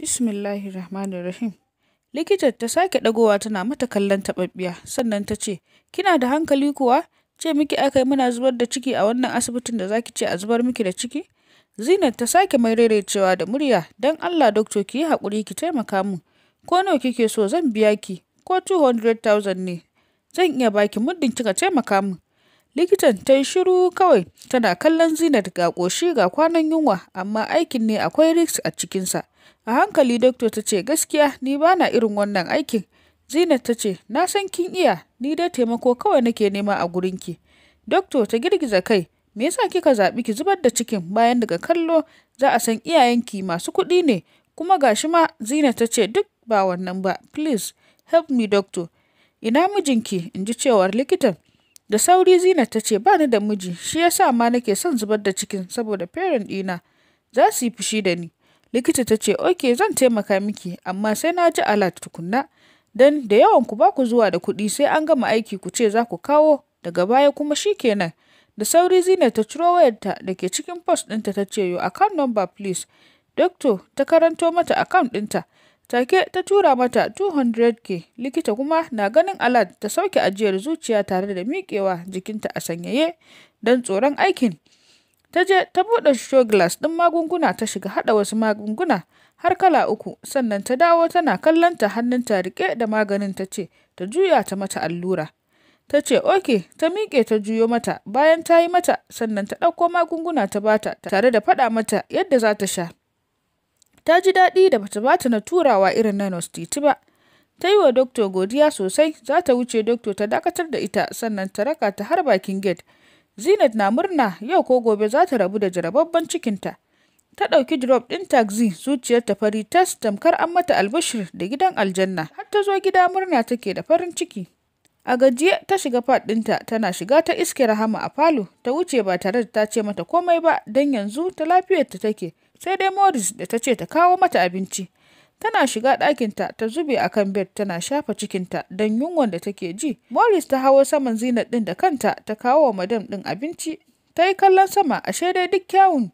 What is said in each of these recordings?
Bismillahir Rahmanir Rahim. Likitar ta sake dagowa tana mata kallon taɓaɓɓiya, sannan ta ce, Kina da hankali kuwa? Ce miki aka yi muna zubar da ciki a wannan asibitin da zaki ce a zubar miki da ciki? Zinat ta sake mai cewa da murya, Don Allah doctor ki yi haƙuri ki taimaka min. Ko nawa kike so zan biya ki, ko 200,000 ne. Zan iya baki muddin kika taimaka min. Likitan ta yi shiru kawai, tana kallon Zinat ga ƙoshi ga kwanan yunwa, amma aikin ne akwai risk a cikinsa. A hankali Doctor ta ce, Gaskiya ni ba na irin wannan aikin. Zinat ta ce, Na san kin iya, ni dai taimako kawai nake nema a gurinki. Doctor ta girgiza kai, Me yasa kika zaɓi ki zubar da cikin bayan daga kallo za a san iyayenki masu kuɗi ne, kuma ga shi ma Zinat ta ce duk ba wannan ba, please help me doctor. Ina mijinki, in ji cewar likitan. Da sauri Zinat ta ce ba ni da miji, shi yasa ma nake son zubar da cikin saboda parent ɗina za su yi fushi da ni. Likita ta ce, "Ok, zan taimaka miki, amma sai na ji alat tukunna, don da yawan ku ba ku zuwa da kuɗi sai an gama aiki ku ce za ku kawo, daga baya kuma shi kenan." Da sauri Zina ta ciro wayarta da ke cikin post ɗinta ta ce, "Yo, account number please." Doctor ta karanto mata account ɗinta. Take ta tura mata 200k likita kuma na ganin Alad ta sauke ajiyar zuciya tare da miƙewa jikinta a sanyaye don tsoron aikin Ta je ta buɗe show glass ɗin magunguna ta shiga haɗa wasu magunguna har kala uku sannan ta dawo tana kallon ta hannun ta riƙe da maganin ta ce ta juya ta mata allura. Ta ce oke ta miƙe ta juyo mata bayan ta yi mata sannan ta ɗauko magunguna ta bata tare da faɗa mata yadda za ta sha. Ta ji daɗi da bata bata na turawa irin na nostiti ba. Ta yi wa dokto godiya sosai za ta wuce dokto ta dakatar da ita sannan ta raka ta har bakin gate Zinat na murna yau ko gobe za ta rabu da jarababban cikinta. Ta ɗauki drop ɗin taxi zuciyar ta fari tas tamkar an mata albashir da gidan aljanna har ta zo gida murna take da farin ciki. A gajiye ta shiga fat ɗinta tana shiga ta iske Rahama a falo ta wuce ba tare da ta ce mata komai ba don yanzu ta lafiyarta take sai dai Morris da ta ce ta kawo mata abinci. Tana shiga ɗakinta ta zube a kan bed tana shafa cikinta don yunwan da take ji. Morris ta hawo saman zinar ɗin da kanta ta kawo wa madam ɗin abinci. Ta yi kallon sama ashe dai duk kyawun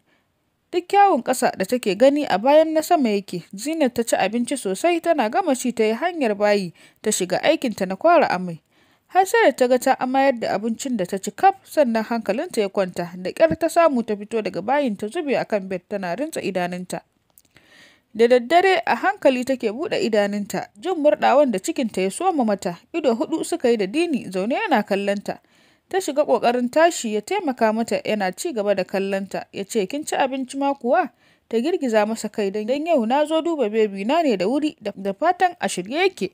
duk kyawun ƙasa da take gani a bayan na sama yake. zinar ta ci abinci sosai tana gama ci ta yi hanyar bayi ta shiga aikinta na kwara amai. har sai da ta ga ta amayar da abincin da ta ci kaf sannan hankalinta ya kwanta da ƙyar ta samu ta fito daga bayin ta zube a kan bed tana rintsa idanunta Da daddare a hankali take bude idanunta, jin murɗawan da cikinta ya soma mata, ido hudu suka yi da dini zaune yana kallonta. Ta shiga kokarin tashi ya taimaka mata yana ci gaba da kallonta, ya ce kin ci abinci ma kuwa? Ta girgiza masa kai don yau na zo duba bebi na ne da wuri da fatan a shirye yake.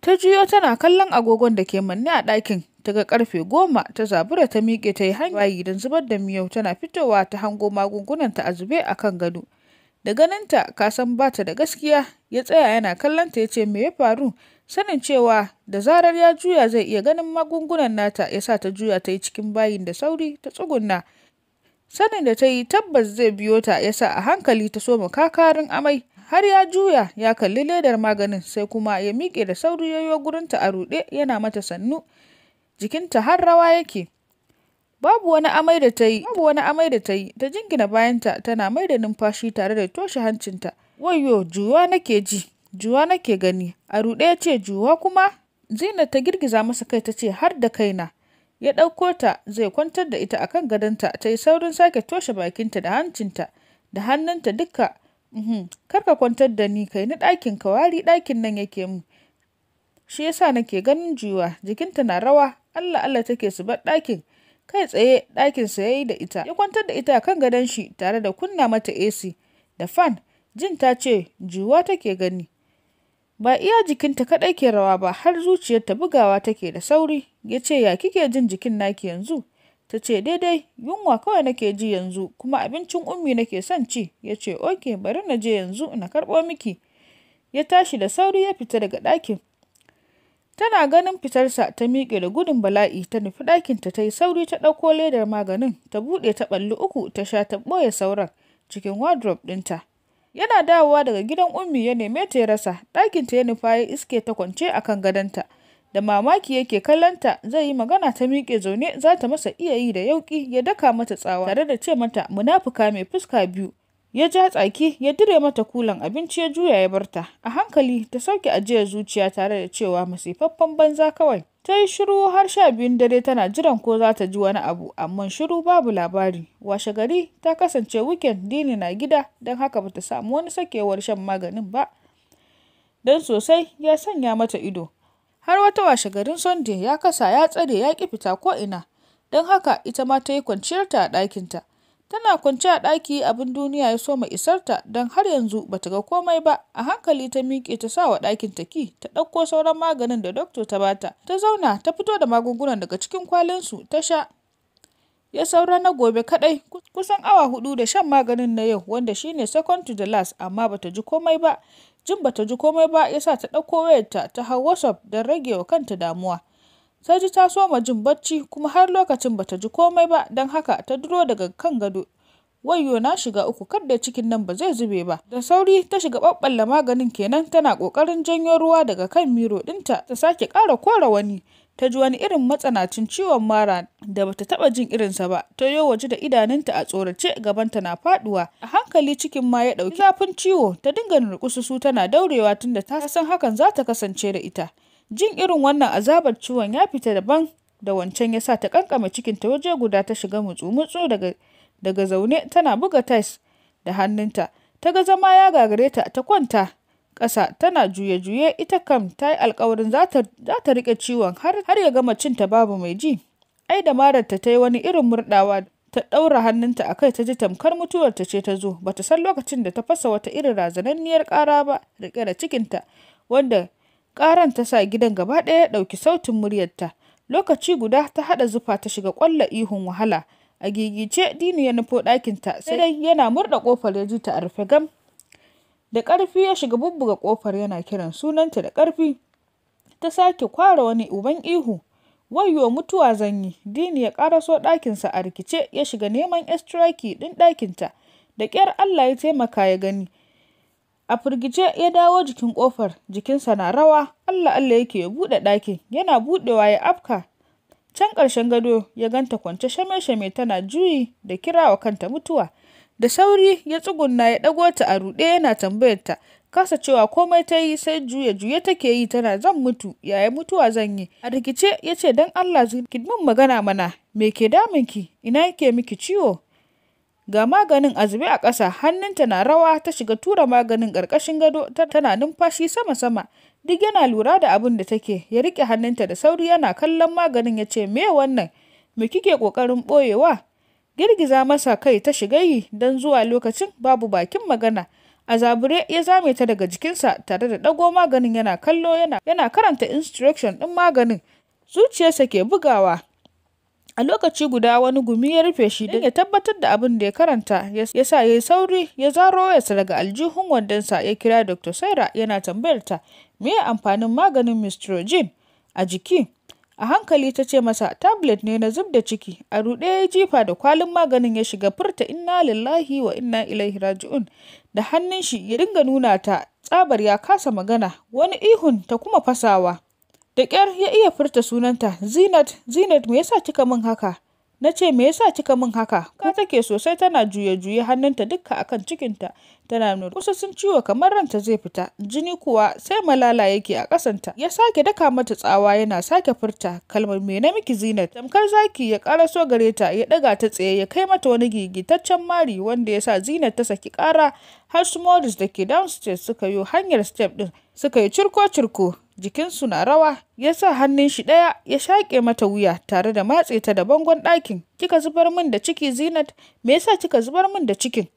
Ta juyo tana kallon agogon da ke manne a ɗakin ta ga karfe goma ta zabura ta miƙe ta yi hanyoyi don zubar da miyau tana fitowa ta hango magungunanta a zube a kan gado. da ganinta kasan ba ta da gaskiya ya tsaya yana kallonta ya ce me ya faru sanin cewa da zarar ya juya zai iya ganin magungunan nata ya sa ta juya ta yi cikin bayin da sauri ta tsugunna sanin da ta yi tabbas zai biyo ta ya sa a hankali ta soma kakarin amai har ya juya ya kalli ledar maganin sai kuma ya miƙe da sauri ya gurinta a ruɗe yana mata sannu jikinta har rawa yake Babu wani amai da ta yi, babu wani amai da ta yi, ta jingina bayanta tana mai da numfashi tare da toshe hancinta. Wayyo, juwa nake ji, juwa nake gani, a ruɗe ya ce juwa kuma? Zina ta girgiza masa kai ta ce har da kaina. Ya ɗauko ta zai kwantar da ita akan gadonta ta yi saurin sake toshe bakinta da hancinta da hannunta duka. Uhm, kar ka kwantar da ni kai na ɗakin kawari ɗakin nan yake mu. Shi yasa nake ganin juwa jikinta na rawa Allah Allah take su bar ɗakin. kai tsaye ɗakin sa yayi da ita, ya kwantar da ita kan gadon shi tare da kunna mata AC da fan, jin ta ce juwa take gani. Ba iya jikinta kadai ke rawa ba har zuciyarta bugawa take da sauri, ya ce ya kike jin jikin naki yanzu? Ta ce daidai yunwa kawai nake ji yanzu kuma abincin ummi nake son ci, ya ce oke bari na je yanzu na karɓo miki. Ya tashi da sauri ya fita daga ɗakin. Tana ganin fitarsa ta miƙe da gudun bala'i ta nufi ɗakinta ta yi sauri ta ɗauko ledar maganin ta buɗe ta ɓalli uku ta sha ta ɓoye sauran cikin wardrobe ɗinta. Yana dawowa daga gidan ummi ya neme ta ya rasa ɗakinta ya nufa ya iske ta kwance a kan gadonta. Da mamaki yake kallonta zai yi magana ta miƙe zaune za ta masa iya yi da yauƙi ya daka mata tsawa tare da ce mata munafuka mai fuska biyu. Ya ja tsaki ya dire mata kulan abinci ya juya ya barta. A hankali ta sauke ajiyar zuciya tare da cewa masifaffen banza kawai. Ta yi shiru har sha biyun dare tana jiran ko za ta ji wani abu, amma shiru babu labari. Washe gari ta kasance wikend dini na gida don haka ba ta samu wani sakewar shan maganin ba. Don sosai ya sanya mata ido. Har wata washe garin Sunday ya kasa ya tsare ya ki fita ko ina. Don haka ita ma ta yi kwanciyarta a ɗakinta. Tana kwance a ɗaki abin duniya ya soma isarta ta don har yanzu ba ta ga komai ba, a hankali ta miƙe ta sa wa ta ki, ta ɗauko sauran maganin da Dokto ta bata ta, zauna ta fito da magungunan daga cikin kwalinsu ta sha. Ya saura na gobe kaɗai, kusan awa hudu da shan maganin na yau wanda shine ne second to the last amma ba ta ji komai ba. Jin ba ta ji komai ba ya sa ta ɗauko wayarta ta hau WhatsApp don rage wa kanta damuwa. sai ji ta soma jin bacci kuma har lokacin bata ji komai ba don haka ta duro daga kan gado wayyo na shiga uku kadda cikin nan ba zai zube ba da sauri ta shiga ɓaɓɓalla maganin kenan tana kokarin janyo ruwa daga kan miro dinta ta sake kara kora wani ta ji wani irin matsanacin ciwon mara da bata taba jin irinsa ba ta yo waje da idanunta a tsorace gabanta na faduwa. a hankali cikin ma ya ɗauki zafin ciwo ta dinga nurkususu tana daurewa tunda ta san hakan za ta kasance da ita Jin irin wannan azabar ciwon ya fita daban da wancan ya sa ta cikin cikinta waje guda ta shiga mutsu-mutsu daga zaune tana buga tiles da hannunta. Ta ga zama ya gagare ta ta kwanta ƙasa tana juye-juye ita kam ta yi alkawarin za ta riƙe ciwon har ya gama cin ta babu mai ji. Ai da marar ta yi wani irin murdawa ta ɗaura hannunta a kai ta ji tamkar mutuwarta ce ta zo bata san lokacin da ta fasa wata irin razananniyar ƙara ba rike da cikinta wanda Ƙaran ta sa gidan gaba ɗaya ya ɗauki sautin muryarta. Lokaci guda ta haɗa zufa ta shiga ƙwalla ihun wahala. A gigice Dini ya nufo ɗakinta sai dai yana murɗa ƙofar ya ji ta a rufe gam. Da ƙarfi ya shiga bubbuga ƙofar yana kiran sunanta da ƙarfi. Ta sake kwara wani uban ihu. Wayyo mutuwa zanyi, Dini ya ƙaraso ɗakinsa a rikice ya shiga neman estraki ɗin ɗakinta. Da ƙyar Allah ya taimaka ya gani, A firgice ya dawo jikin kofar jikinsa na rawa, Allah-Allah yake ya buɗe ɗakin, yana buɗewa ya afka. Can karshen gado ya ganta kwance shame-shame tana juyi da kirawa kanta mutuwa. Da sauri ya tsugunna ya ɗago ta a ruɗe yana tambayar ta, kasa cewa komai ta yi sai juya juye take yi tana zan mutu, yaya mutuwa zan yi. A rikice ya ce don Allah ki min magana mana, me ke damun ki? ina yake miki ciwo? Ga maganin a zube a ƙasa, hannunta na rawa ta shiga tura maganin ƙarƙashin gado tana numfashi sama-sama. Duk yana lura da abin da take, ya riƙe hannunta da sauri yana kallon maganin ya ce, Me wannan? Me kike ƙoƙarin ɓoyewa? Girgiza masa kai ta shiga yi don zuwa lokacin babu bakin magana. A zabure ya zame ta daga jikinsa tare da ɗago maganin yana kallo yana karanta instruction ɗin maganin. Zuciyarsa ke bugawa. A lokaci guda wani gumi ya rufe shi don ya tabbatar da abin da ya karanta, ya sa ya yi sauri ya zaro wayarsa daga aljihun wandonsa ya kira Dr. Saira yana tambayar ta me amfanin maganin mistrogen a jiki. A hankali ta ce masa tablet ne na zub da ciki, a ruɗe ya jifa da kwalin maganin ya shiga furta inna lillahi wa inna ilaihi raji'un da hannun shi ya dinga nuna ta tsabar ya kasa magana wani ihun ta kuma fasawa. Da kyar ya iya furta sunanta, Zinat, Zinat me yasa kika min haka? Na ce me yasa kika min haka? Ka take sosai tana juye-juye hannunta dukka akan cikinta, tana nuna kusa sun ciwo kamar ranta zai fita, jini kuwa sai malala yake a ƙasanta. Ya sake daka mata tsawa yana sake furta kalmar me na miki Zinat. Tamkar zaki ya ƙaraso gare ta ya ɗaga ta tsaye ya kai mata wani gigitaccen mari wanda ya sa Zinat ta saki kara. har su Morris da ke downstairs suka yo hanyar step ɗin suka yi cirko-cirko. Jikinsu na rawa, ya sa hannun shi ɗaya ya shaƙe mata wuya tare da matse ta da bangon ɗakin. Kika zubar min da ciki Zinat, me yasa kika zubar min da cikin?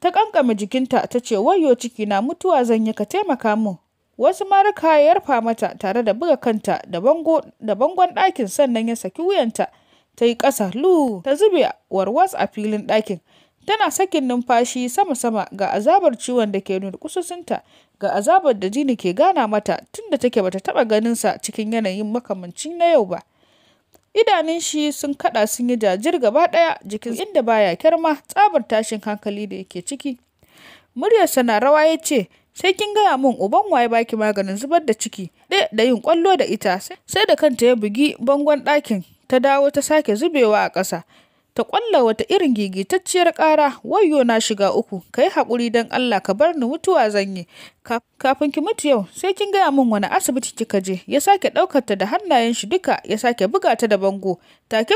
Ta ƙanƙame jikinta ta ce wayyo ciki na mutuwa zan yi ka taimaka min. Wasu maruka ya yarfa mata tare da buga kanta da da bangon ɗakin sannan ya saki wuyanta. Ta yi ƙasa lu ta zube warwas a filin ɗakin. Tana sakin numfashi sama-sama ga azabar ciwon da ke kususinta ga azabar da jini ke gana mata tunda take bata taɓa sa cikin yanayin makamancin na yau ba. Idanun shi sun kaɗa sun yi jajir gaba ɗaya jikin inda baya kyarma tsabar tashin hankali da yake ciki. Muryarsa na rawa ya ce, sai kin gaya min uban waye baki maganin zubar da ciki ɗaya da yin kwallo da ita sai da kanta ya bugi bangon ɗakin ta dawo ta sake zubewa a ƙasa ta ƙwalla wata irin gigitacciyar ƙara wayo na shiga uku ka yi haƙuri don Allah ka bar ni mutuwa zan kafin ki mutu yau sai kin gaya min wani asibiti kika je ya sake ɗaukar ta da hannayen shi duka ya sake buga ta da bango take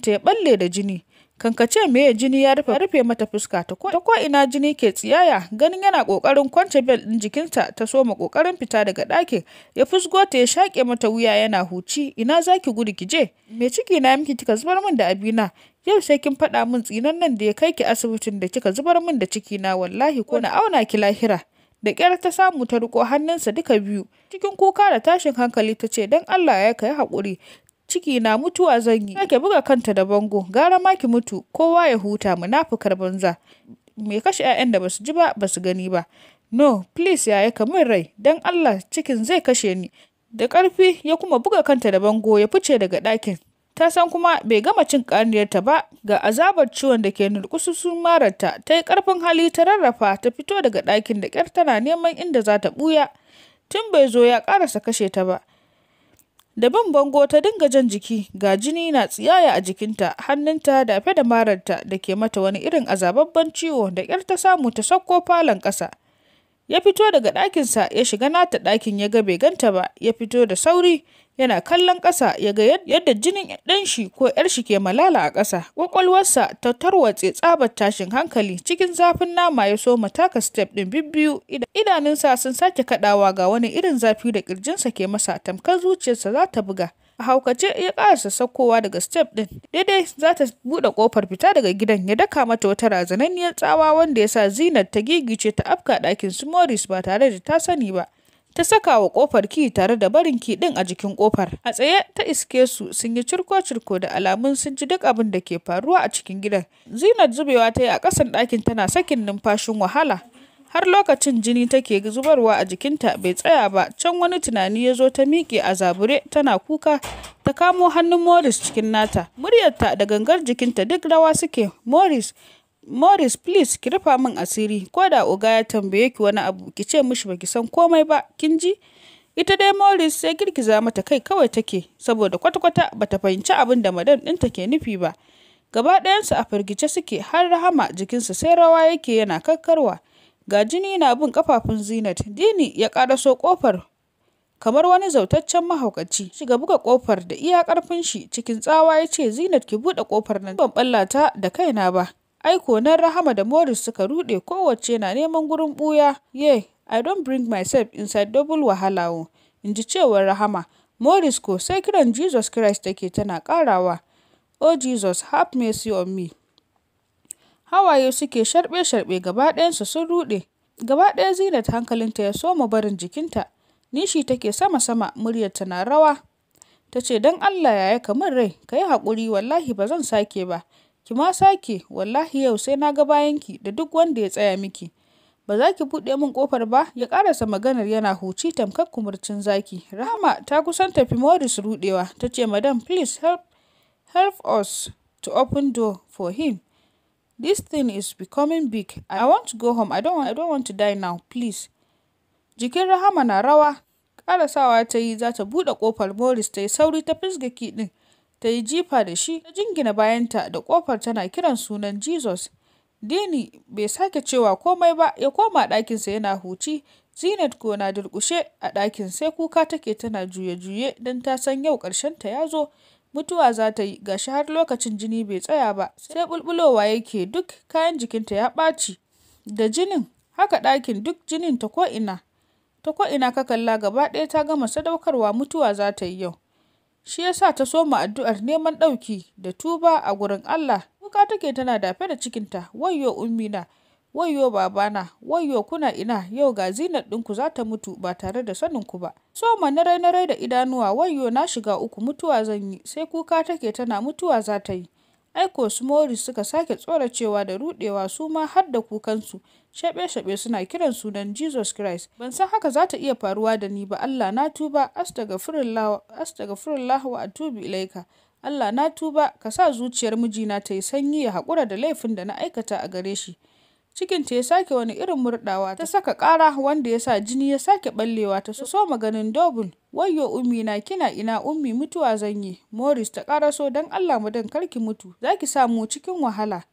ta ya ɓalle da jini kankace me jini ya rufe rufe mata fuska ta ko ina jini ke tsiyaya ganin yana kokarin kwance bel din jikinta ta soma kokarin fita daga ɗakin ya fusgo ta ya shake mata wuya yana huci ina zaki gudu kije me ciki na miki kika zubar min da abina yau sai kin faɗa min tsinan nan da ya kai ki asibitin da kika zubar min da ciki na wallahi ko na auna ki lahira da ƙyar ta samu ta riko hannunsa duka biyu cikin kuka da tashin hankali ta ce don Allah ya kai haƙuri ciki na mutuwa zan yi ke buga kanta da bango gara ma ki mutu kowa ya huta munafukar banza mai kashe 'ya'yan da basu ji ba basu gani ba no please yaya ka min rai don Allah cikin zai kashe ni da ƙarfi ya kuma buga kanta da bango ya fice daga ɗakin ta san kuma bai gama cin ƙaniyarta ba ga azabar ciwon da ke nulkususun mararta ta yi karfin hali ta rarrafa ta fito daga ɗakin da ƙyar tana neman inda za ta ɓuya tun bai zo ya ƙarasa kashe ta ba da bin bango ta dinga jan jiki ga jini na tsiyaya a jikinta hannunta da fe da mararta da ke mata wani irin azababban ciwo da ƙyar ta samu ta sauko falon ƙasa ya fito daga ɗakinsa ya shiga nata ɗakin ya ga bai ganta ba ya fito da sauri yana kallon ƙasa ya ga yadda jinin ɗanshi ko ‘yar shi ke malala a ƙasa. Ƙwaƙwalwarsa ta tarwatse tsabar tashin hankali cikin zafin nama ya soma taka step ɗin bibbiyu idanunsa sun sake kaɗawa ga wani irin zafi da ƙirjinsa ke masa tamkar zuciyarsa za ta buga. a haukace ya ƙarasa saukowa daga step ɗin daidai za ta buɗe ƙofar fita daga gidan ya daka mata wata razananniyar tsawa wanda ya sa zinar ta gigice ta afka ɗakin su morris ba tare da ta sani ba ta saka wa ƙofar ki tare da barin ki ɗin a jikin kofar A tsaye ta iske su sun yi cirko-cirko da alamun sun ji duk abin da ke faruwa a cikin gidan. Zinat zubewa ta yi a ƙasan ɗakin tana sakin numfashin wahala. Har lokacin jini take zubarwa a jikinta bai tsaya ba, can wani tunani ya zo ta miƙe a zabure tana kuka ta kamo hannun Morris cikin nata. Muryarta da gangar jikinta duk rawa suke. Morris Morris, please, ki rufa min asiri, ko da oga ya tambaye ki wani abu, ki ce mishi baki san komai ba, kin ji? Ita dai Morris sai girgiza mata kai kawai take, saboda kwata-kwata bata fahimci abin da madam ɗinta ke nufi ba. Gaba ɗayansu a firgice suke har rahama jikinsa sai rawa yake yana kakkarwa. Ga jini na bin kafafun Zinat, Dini ya ƙaraso kofar kamar wani zautaccen mahaukaci shiga buga kofar da iya karfin shi cikin tsawa ya ce zinat ki buɗe kofar nan ban ballata da kaina ba Aiko na Rahama da Morris suka ruɗe kowacce na neman gurin ɓuya. Ye, I don't bring myself inside double wahala o, in ji cewar Rahama. Morris ko sai kiran Jesus Christ take tana ƙarawa. Oh Jesus, have mercy on me. Hawaye suke sharɓe-sharɓe gaba ɗayansu sun ruɗe. Gaba ɗaya Zinat hankalinta ya soma barin jikinta. Nishi take sama-sama muryar na rawa. Ta ce don Allah yaya yi kamar rai, ka yi haƙuri wallahi ba zan sake ba. Ki ma sake, wallahi yau sai na ga bayanki da duk wanda ya tsaya miki. Ba za ki buɗe min ƙofar ba, ya ƙarasa maganar yana huci tamkar kumurcin zaki. Rahama ta kusan tafi Morris ruɗewa, ta ce, Madam, please help, help us to open door for him. This thing is becoming big. I want to go home. I don't, I don't want to die now, please. Jikin Rahama na rawa, ƙarasawa ta yi za ta buɗe ƙofar Morris ta yi sauri ta fisga ki ɗin. ta yi jifa da shi ta jingina bayanta da kofar tana kiran sunan Jesus. Dini bai sake cewa komai ba ya koma ɗakinsa yana huci Zinat ko na durƙushe a ɗakin sai kuka take tana juye-juye don ta san yau ta ya zo. Mutuwa za ta yi gashi har lokacin jini bai tsaya ba sai bulbulowa yake duk kayan jikinta ya ɓaci da jinin haka ɗakin duk jinin ta ko'ina. Ta ko'ina ka kalla gaba ɗaya ta gama sadaukarwa mutuwa za ta yi yau. shi ya sa ta soma addu'ar neman ɗauki da tuba a gurin Allah. Kuka take tana dafe da cikinta, wayyo ummina, wayyo babana, wayyo kuna ina, yau ga zinar ɗinku za ta mutu ba tare da sanin ku ba. Soma narai narai da idanuwa, wayyo na shiga uku mutuwa zan yi, sai kuka take tana mutuwa za ta yi. Aiko su suka sake tsoracewa da ruɗewa su ma har da kukansu, shaɓe-shaɓe suna kiran sunan Jesus Christ, ban san haka za ta iya faruwa da ni ba Allah na tuba, astagfirullah wa atubu ilaika, Allah na tuba, ka sa zuciyar mijina ta yi sanyi ya haƙura da laifin da na aikata a gare shi. cikinta ya sake wani irin murɗawa ta saka ƙara wanda ya sa jini ya sake ɓallewa ta soma ganin Dobin. Wayyo ummi na kina ina ummi mutuwa zan yi, Morris ta ƙaraso don Allah mu dan karki mutu, zaki ki samu cikin wahala.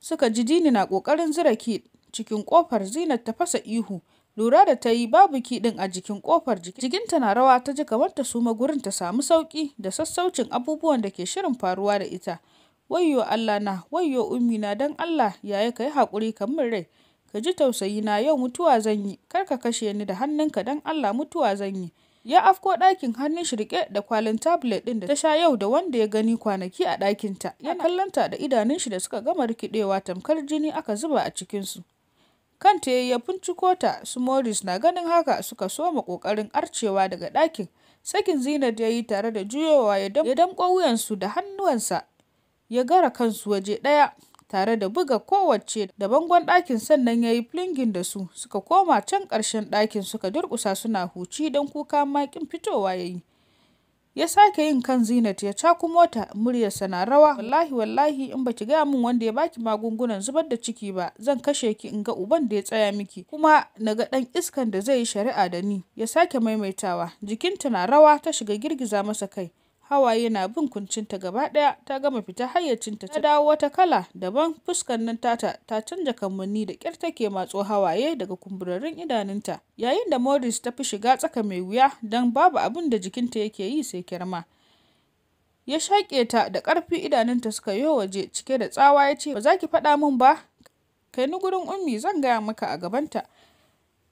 Suka ji dini na ƙoƙarin zira ki cikin ƙofar zinat ta fasa ihu, lura da tayi yi babu ki ɗin a jikin ƙofar jikinta na rawa ta ji kamar ta suma gurin ta samu sauki da sassaucin abubuwan da ke shirin faruwa da ita. Wayyo Allah na, wayyo ummi na don Allah yaya ka yi haƙuri kamar rai. Ka ji tausayi na yau mutuwa zan yi, kar ka kashe ni da hannunka don Allah mutuwa zan yi. ya afko ɗakin hannun shi rike da kwalin tablet ɗin da ta sha yau da wanda ya gani kwanaki a ɗakinta yana kallonta da idanun shi da suka gama rikidewa tamkar jini aka zuba a cikinsu kanta ya binciko ta su morris na ganin haka suka soma ƙoƙarin arcewa daga ɗakin sakin zinar ya yi tare da juyowa ya damƙo wuyansu da hannuwansa ya gara kansu waje ɗaya tare da buga kowacce da bangon ɗakin sannan ya yi flingin da su suka koma can ƙarshen ɗakin suka durƙusa suna huci don kuka makin fitowa ya yi. Ya sake yin kan zinat ya caku mota muryarsa na rawa wallahi wallahi in baki gaya min wanda ya baki magungunan zubar da ciki ba zan kashe ki in ga uban da ya tsaya miki kuma na ga ɗan iskan da zai yi shari'a da ni ya sake maimaitawa jikinta na rawa ta shiga girgiza masa kai hawaye na bin kuncinta gaba ɗaya ta gama fita hayyacinta ta dawo wata kala daban fuskar nan tata ta canja kamanni da ƙyar take matso hawaye daga kumburarrun idanunta yayin da morris ta fi shiga tsaka mai wuya don babu abin da jikinta yake yi sai kirma ya shaƙe ta da ƙarfi idanunta suka yi waje cike da tsawa ya ce ba za ki faɗa min ba kai ni gurin ummi zan gaya maka a gabanta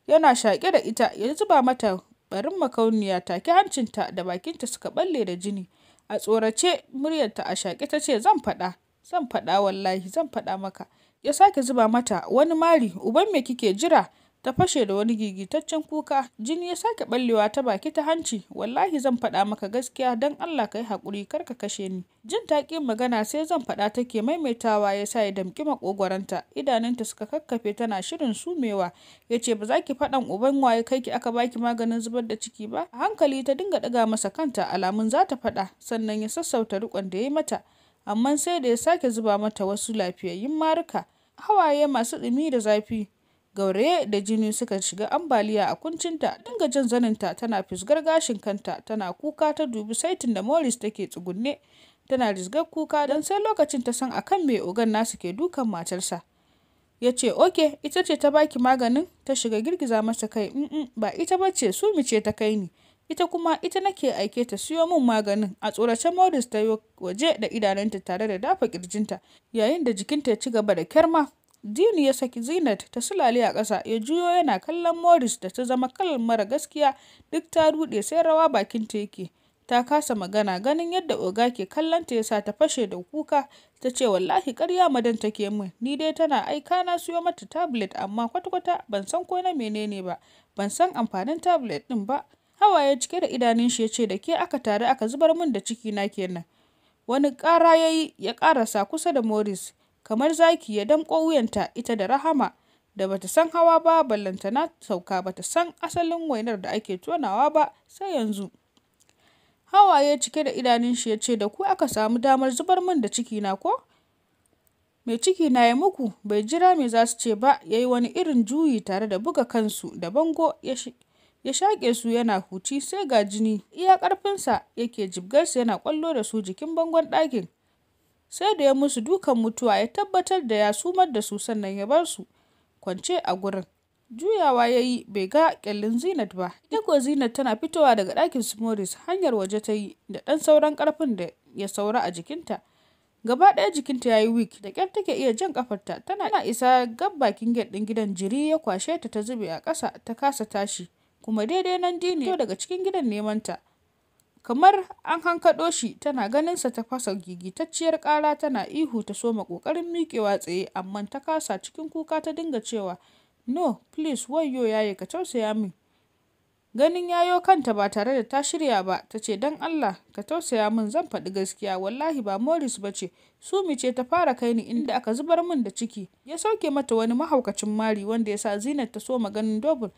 yana shaƙe da ita ya zuba mata Barin makauniya take hancinta da bakinta suka balle da jini. A tsorace muryarta a shaƙe ta ce zan faɗa, zan faɗa wallahi zan faɗa maka. Ya sake zuba mata wani mari uban me kike jira? ta fashe da wani gigitaccen kuka jini ya sake ballewa ta baki ta hanci wallahi zan faɗa maka gaskiya don allah ka yi haƙuri kar ka kashe ni jin ta magana sai zan faɗa take maimaitawa ya sa ya damƙi maƙogwaranta idanunta suka kakkafe tana shirin sumewa ya ce ba za ki faɗan uban waye kai ki aka baki maganin zubar da ciki ba a hankali ta dinga ɗaga masa kanta alamun za ta faɗa sannan ya sassauta riƙon da ya yi mata amma sai da ya sake zuba mata wasu lafiyayyun maruka hawaye masu ɗumi da zafi gauraye da jini suka shiga ambaliya a kuncinta dinga jan zaninta tana fisgar gashin kanta tana kuka ta dubi saitin da morris take tsugunne tana risgar kuka don sai lokacin ta san akan mai ogan nasu ke dukan matarsa ya ce oke ita ce ta baki maganin ta shiga girgiza masa kai mm ba ita ba ce su ce ta kai ni ita kuma ita nake aike ta siyo min maganin a tsoracen morris ta yi waje da idanunta tare da dafa kirjinta yayin da jikinta ya ci gaba da kyarma Dini ya saki Zinat ta sulale a ƙasa ya juyo yana kallon Morris da ta zama kalan mara gaskiya duk ta ruɗe sai rawa bakin ta yake. Ta kasa magana ganin yadda oga ke kallon ta yasa ta fashe da kuka ta ce wallahi ƙarya madan take min ni dai tana aika na siyo mata tablet amma kwatkwata ban san ko na menene ba ban san amfanin tablet ɗin ba. Hawaye cike da idanun shi ya ce da ke aka tare aka zubar min da ciki na kenan. Wani ƙara ya yi ya ƙarasa kusa da Morris. kamar zaki ya damƙo wuyanta ita da Rahama da bata san hawa ba ballantana sauka bata san asalin wainar da ake tonawa ba sai yanzu. Hawaye cike da idanun shi ya ce da ku aka samu damar zubar min da ciki na ko? Mai ciki na ya muku bai jira me za su ce ba ya yi wani irin juyi tare da buga kansu da bango ya shaƙe su yana huci sai ga jini iya ƙarfinsa yake jibgarsa yana ƙwallo da su jikin bangon ɗakin sai da ya musu dukan mutuwa ya tabbatar da ya sumar da su sannan ya bar su kwance a gurin. Juyawa ya yi bai ga kyallin Zinat ba, ita kuwa Zinat tana fitowa daga ɗakin su Morris hanyar waje ta yi da ɗan sauran ƙarfin da ya saura a jikinta. Gaba ɗaya jikinta ya yi wik da ƙyar take iya jan ƙafarta tana isa gab bakin gate ɗin gidan jiri ya kwashe ta ta zube a ƙasa ta kasa tashi kuma daidai nan dini daga cikin gidan nemanta. Kamar an hankaɗo shi tana ganinsa ta fasa gigitacciyar ƙara tana ihu ta soma ƙoƙarin miƙewa tsaye amma ta kasa cikin kuka ta dinga cewa, “No, please wayo yaye ka tausaya min.” Ganin yayo kanta ba tare da ta shirya ba ta ce, “Don Allah ka tausaya min zan faɗi gaskiya wallahi ba Morris ba ce, Sumi ce ta fara kai ni inda aka zubar min da ciki.” Ya sauke mata wani mahaukacin mari wanda ya sa zinar ta soma ganin dobul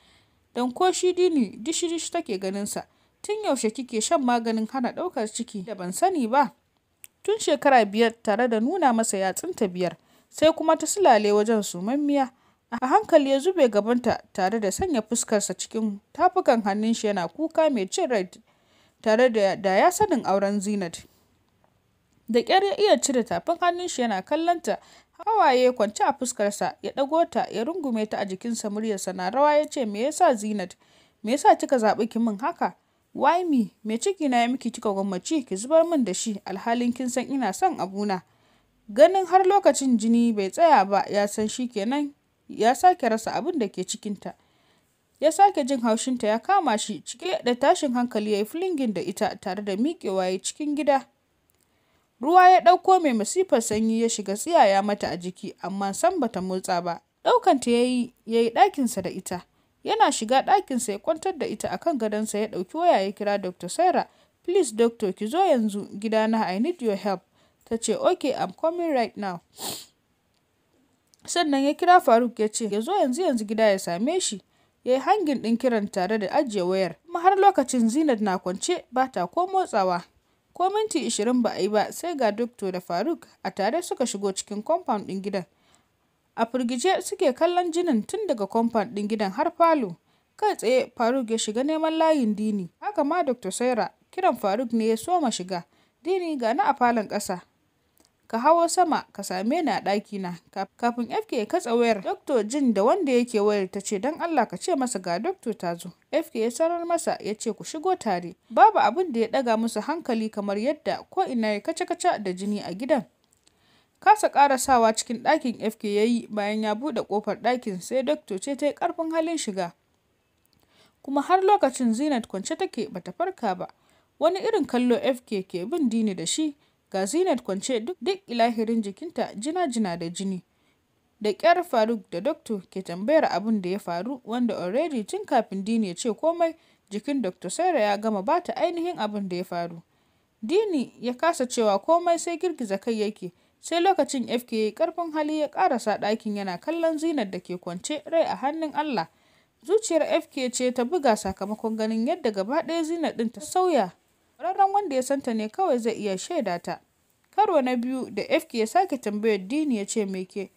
dan ko shi dini dishi-dishi take ganinsa. Tun yaushe kike shan maganin hana ɗaukar ciki da ban sani ba? Tun shekara biyar tare da nuna masa ta biyar, sai kuma ta sulale wajen sumammiya. A hankali ya zube gabanta tare da sanya fuskarsa cikin tafukan hannun shi yana kuka mai cin rai tare da ya sanin auren Zinat. Da ƙyar ya iya cire tafin hannun shi yana kallonta, hawaye kwance a fuskarsa, ya ɗago ta ya rungume ta a jikinsa muryarsa na rawa ya ce me yasa Zinat, me yasa kika zaɓi kimin haka? Why me? Me na ya miki kika gwammaci ki zubar min da shi alhalin kin san ina son abuna. Ganin har lokacin jini bai tsaya ba ya san shi kenan ya sake rasa abin da ke cikinta. Ya sake jin haushinta ya kama shi cike da tashin hankali ya yi filingin da ita tare da miƙewa ya cikin gida. Ruwa ya ɗauko mai masifar sanyi ya shiga tsiyaya mata a jiki amma san bata motsa ba. Ɗaukanta yayi yayi ya yi ɗakinsa da ita. Yana shiga ɗakinsa ya kwantar da ita akan gadon sa ya ɗauki waya ya kira Dr. Sarah. Please doctor ki zo yanzu gidana I need your help. Ta ce okay I'm coming right now. Sannan ya kira Faruk ya ce ya zo yanzu yanzu gida ya same shi. Ya yi hangin ɗin kiran tare da ajiye wayar. Kuma har lokacin Zinat na kwance ba ta ko motsawa. Ko minti ishirin ba a yi ba sai ga Dokto da Faruk a tare suka shigo cikin compound ɗin gidan. a firgice suke kallon jinin tun daga kwamfan ɗin gidan har falo kai tsaye faruk ya shiga neman layin dini haka ma dr saira kiran faruk ne ya soma shiga dini ga na a falon ƙasa ka hawo sama ka same ni a na kafin fk ya katsa wayar dr jin da wanda yake wayar ta ce don allah ka ce masa ga dr ta zo fk ya sanar masa ya ce ku shigo tare babu abin da ya ɗaga musu hankali kamar yadda ko ina ya kace kaca da jini a gidan Kasa sawa cikin ɗakin FK ya yi bayan ya buɗe ƙofar ɗakin sai doctor ce ta yi ƙarfin halin shiga. Kuma har lokacin Zinat kwance take bata farka ba. Wani irin kallo FK ke bin dini da shi ga Zinat kwance duk duk ilahirin jikinta jina-jina da jini. Da ƙyar Faruk da doctor ke tambayar abin da ya faru wanda already tun kafin dini ya ce komai jikin doctor Saira ya gama bata ainihin abin da ya faru. Dini ya kasa cewa komai sai girgiza kai yake. sai lokacin FK karfin hali ya karasa ɗakin yana kallon zinar da ke kwance rai a hannun Allah. Zuciyar FK ce ta buga sakamakon ganin yadda gaba ɗaya zinar ɗin ta sauya. Ƙwararren wanda ya santa ne kawai zai iya shaida ta. Karo na biyu da FK ya sake tambayar Dini ya ce me ke.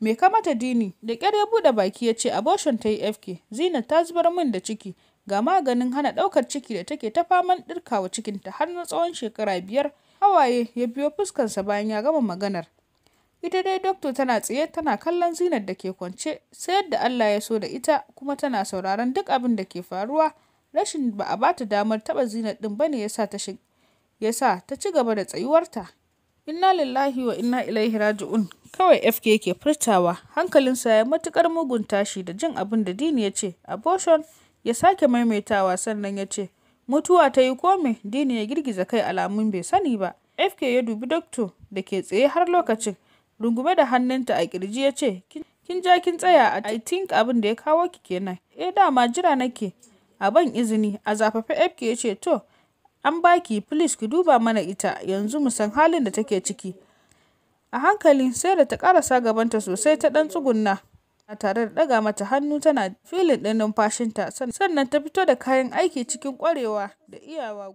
Me kamata Dini? Da kyar ya buɗe baki ya ce abortion ta yi FK. Zinar ta zubar min da ciki. Ga maganin hana ɗaukar ciki da take ta faman ɗirkawa cikinta har na tsawon shekara biyar. Hawaye ya biyo fuskarsa bayan ya gama maganar. Ita dai dokto tana tsaye tana kallon zinar da ke kwance sai yadda Allah ya so da ita kuma tana sauraron duk abin da ke faruwa rashin ba a bata damar taba zinar din bane yasa ta sa ta ci gaba da tsayuwarta. Inna lillahi wa inna ilaihi raji'un kawai FK ke furtawa hankalinsa ya matukar mugun tashi da jin abin da Dini ya ce abortion ya sake maimaitawa sannan ya ce Mutuwa ta yi ko Dini ya girgiza kai alamun bai sani ba. FK ya dubi dokto da ke tsaye har lokacin, rungume da hannunta a kirji ya ce, Kin ja kin tsaya I think abin da ya kawo ki kenan. Eh dama jira nake. A ban izini, a zafafe FK ya ce, To, an baki, please ki duba mana ita, yanzu mu san halin da take ciki. A hankali sai da ta karasa gabanta sosai ta ɗan tsugunna. tare da ɗaga mata hannu tana filin ɗin numfashinta sannan ta fito da kayan aiki cikin ƙwarewa da iyawa.